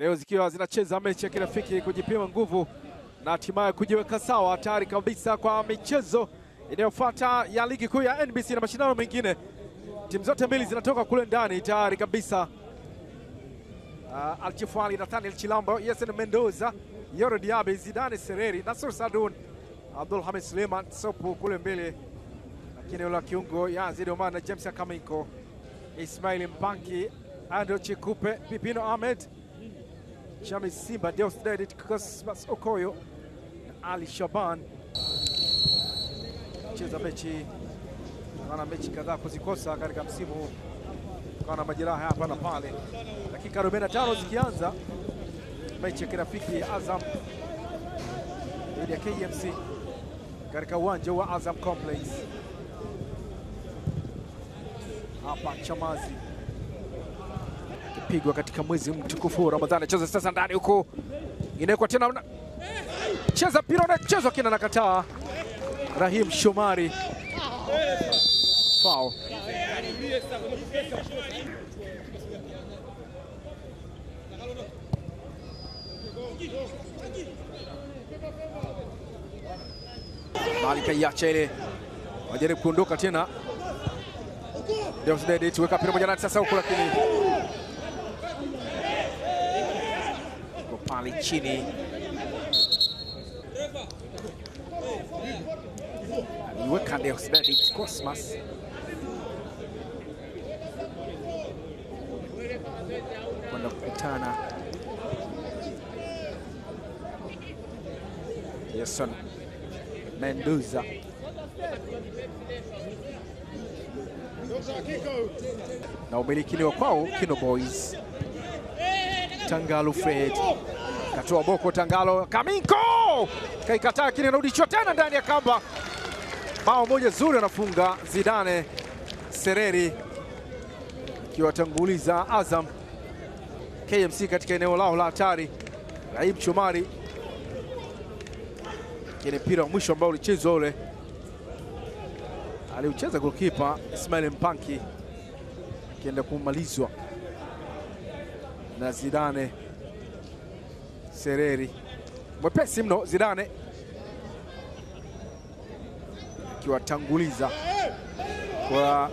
leo zikiwa zinacheza mechi ya kirafiki kujipima nguvu na hatimaye kujiweka sawa tayari kabisa kwa michezo inayofuata ya ligi kuu ya NBC na mashindano mengine. Timu zote mbili zinatoka kule ndani tayari kabisa. Uh, ah, Alchifwali, Nathaniel Chilambo, Yesen Mendoza, Yoro Diabe, Zidane Sereri, Nasur Sadun, Abdul Hamid Suleiman Sopu kule mbele, lakini la kiungo Yazid Omar na James Akaminko, Ismail Mbanki, Ando Chikupe, Pipino Ahmed Charles Simba, Deusdedit Cosmas Okoyo na Ali Shaban cheza mechi, ana mechi kadhaa kuzikosa katika msimu kana na majeraha hapa na pale. Dakika 45 zikianza mechi ya kirafiki ya Azam dhidi ya KMC katika uwanja wa Azam Complex hapa Chamazi yanapigwa katika mwezi mtukufu Ramadhani. Cheza sasa ndani huku, inawekwa tena una... cheza mpira unachezwa, kina nakataa. Rahim Shomari fao Malika iacha ile, wajaribu kuondoka tena. Deusdedit weka pira moja ndani sasa huko lakini pale chini aliweka Deus Benedict Cosmas kwenda kukutana Jason Mendoza na umilikiliwa kwao Kino Boys Tangalu Fred katoa boko Tangalo, Kaminko kaikataa, lakini anarudishiwa tena ndani ya kamba. Bao moja zuri anafunga Zidane Sereri akiwatanguliza Azam KMC katika eneo lao la hatari. Raib Chomari kene mpira wa mwisho ambao ulichezwa ule aliucheza golikipa Ismail Mpanki akienda kumalizwa na Zidane Sereri mwepesi mno Zidane akiwatanguliza kwa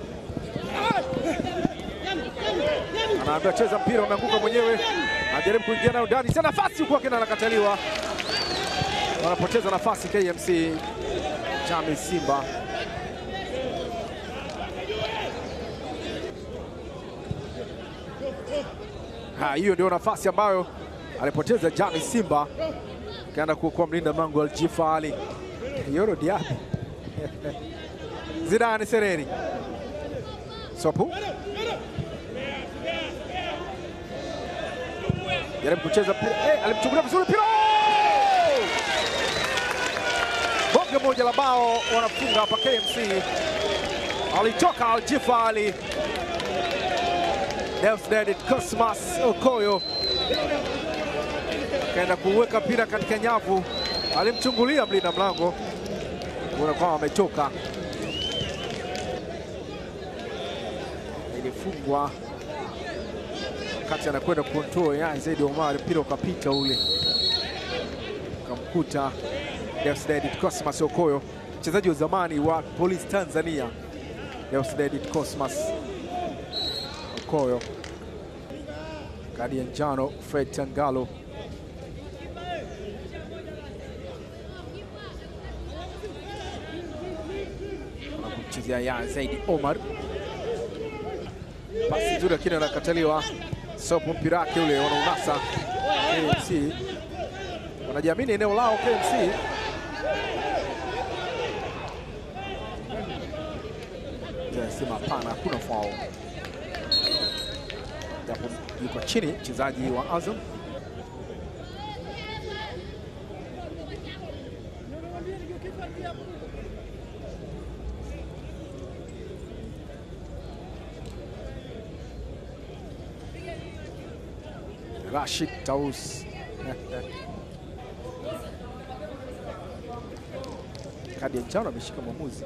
anaambia cheza mpira, umeanguka mwenyewe, anajaribu kuingia nayo ndani, sasa nafasi huku akina anakataliwa, wanapoteza nafasi KMC Chami Simba. Ha, hiyo ndio nafasi ambayo alipoteza Jami Simba, kaenda kuokoa mlinda mlango Aljifa Ali Yoro Diaby Zidane Sereri Sopu jaribu kucheza mpira hey, eh, alimchukulia vizuri mpira oh! bonge moja la bao wanafunga hapa KMC. Alitoka Aljifa Ali Deusdedit Cosmas Okoyo akaenda kuweka mpira katika nyavu, alimchungulia mlinda mlango, kuna kwa amechoka. Ilifungwa wakati anakwenda kontrol ya Zaidi Omar, mpira ukapita ule ukamkuta Deusdedit Cosmas Okoyo, mchezaji wa zamani wa Police Tanzania. Deusdedit Cosmas Okoyo, kadi ya njano Fred Tangalo anamchezea ya Zaidi Omar, pasi nzuri lakini anakataliwa. Sopo mpira wake ule wanaunasa KMC, wanajiamini eneo lao KMC. Sema hapana, hakuna fao, japo yuko chini mchezaji wa Azam. Rashid Taus kadi ya njano ameshika mwamuzi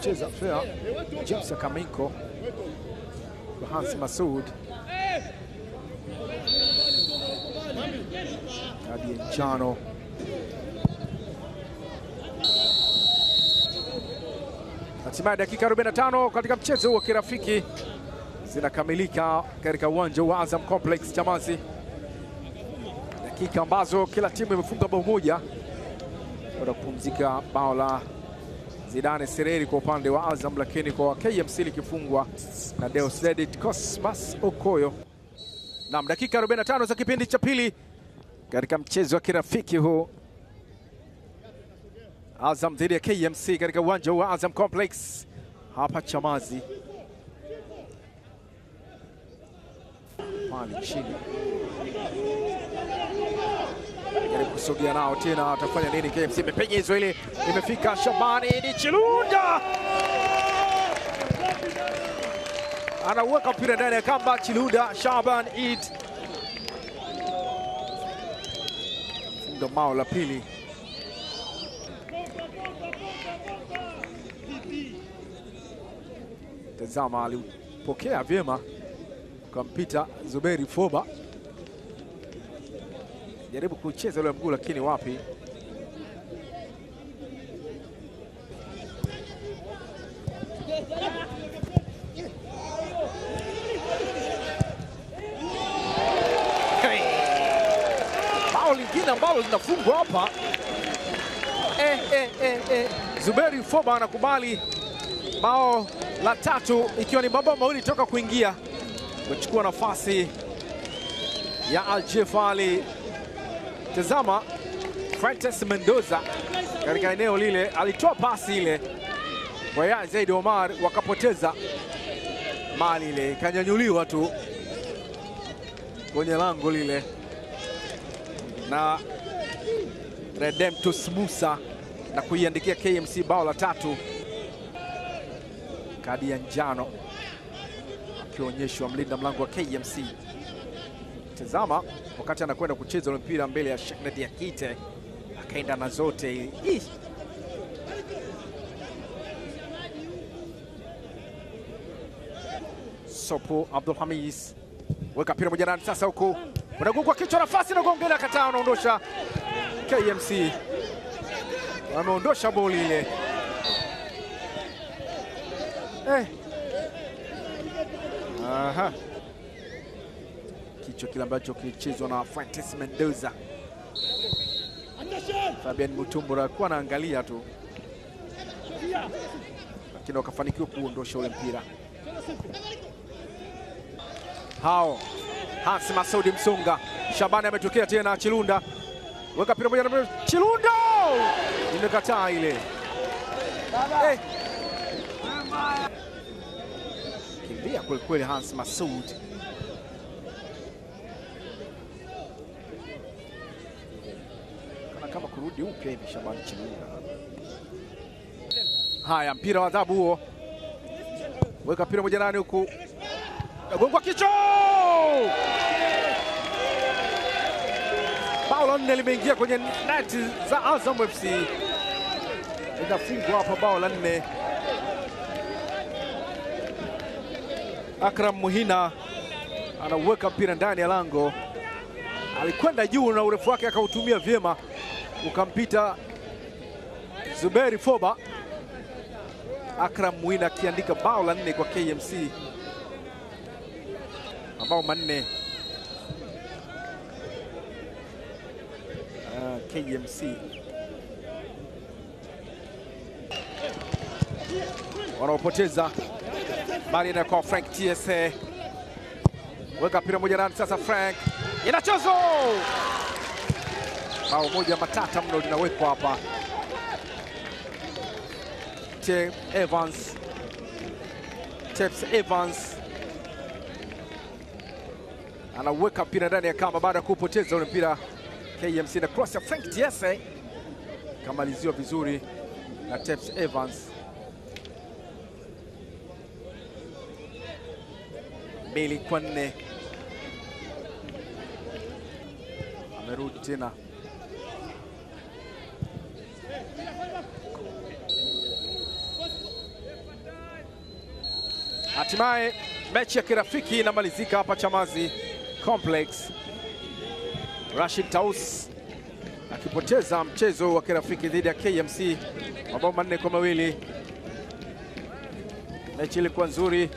cheza James Hans kadi ya njano Hatimaye dakika 45 katika mchezo wa kirafiki zinakamilika katika uwanja wa Azam Complex Chamazi, dakika ambazo kila timu imefunga bao moja baada kupumzika, bao la Zidane Sereri kwa upande wa Azam, lakini kwa KMC likifungwa na Deusdedit Cosmas Okoyo. Naam, dakika 45 za kipindi cha pili katika mchezo wa kirafiki huu. Azam dhidi ya KMC katika uwanja wa Azam Complex hapa Chamazi pale chini jaribu nao tena, atafanya nini? KMC imepiga hizo, ile imefika Shabani ni Chilunda anaweka mpira ndani ya kamba. Chilunda Shaban Eid funga mao la pili. Tazama, alipokea vyema, kampita Zuberi Foba, jaribu kucheza ule mguu, lakini wapi. bao lingine ambalo linafungwa hapa. Eh, eh, eh, eh. Zuberi Foba anakubali bao la tatu ikiwa ni mabao mawili toka kuingia, kuchukua nafasi ya Aljefali. Tazama Francis Mendoza katika eneo lile alitoa pasi ile kwa ya Zaid Omar, wakapoteza mali ile, ikanyanyuliwa tu kwenye lango lile na Redemptus Musa na kuiandikia KMC bao la tatu kadi ya njano akionyeshwa mlinda mlango wa KMC. Tazama wakati anakwenda kucheza ule mpira mbele ya ya Kite, akaenda na zote Ih. Sopo Abdulhamis weka mpira moja ndani sasa, huku unagongwa kichwa, nafasi inagongelea, akataa, anaondosha KMC, ameondosha boli ile eh. Aha. Kichwa kile ambacho kilichezwa na Fuentes Mendoza. Fabian Mutumbura alikuwa anaangalia tu, lakini wakafanikiwa kuondosha ule mpira. Hao Hans Masudi Msunga, Shabani ametokea tena, Chilunda weka mpira moja, Chilunda imekataa ile eh. anakimbia kwelikweli Hans Masud. Kana kama kurudi upya hivi Shabani Chimunga. Haya, mpira wa adhabu huo, weka mpira moja ndani huku, nagongwa kicho bao nne limeingia kwenye neti za Azam FC, linafungwa hapa bao la nne. Akram Muhina anauweka mpira ndani ya lango, alikwenda juu na urefu wake akautumia vyema, ukampita Zuberi Foba. Akram Muhina akiandika bao la nne kwa KMC, mabao manne uh, ah, KMC wanaopoteza bali kwa Frank TSA weka mpira moja ndani sasa, Frank inachozo bao moja matata mno linawekwa hapa. Te Evans Teps Evans anaweka mpira ndani ya kamba baada ya kupoteza ule mpira KMC na cross ya Frank TSA kamaliziwa vizuri na Teps Evans. mbili kwa nne. Amerudi tena Hatimaye mechi ya kirafiki inamalizika hapa Chamazi Complex, Rashid Taus akipoteza mchezo wa kirafiki dhidi ya KMC mabao manne kwa mawili. Mechi ilikuwa nzuri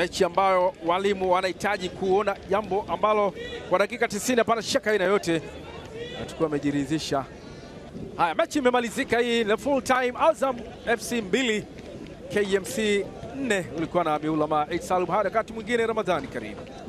mechi ambayo walimu wanahitaji kuona jambo ambalo kwa dakika 90 hapana shaka aina yote atakuwa amejiridhisha. Haya, mechi imemalizika hii the full time, Azam FC 2 KMC 4. Ulikuwa na Abiulama Salum, Hadi, wakati mwingine Ramadhani karibu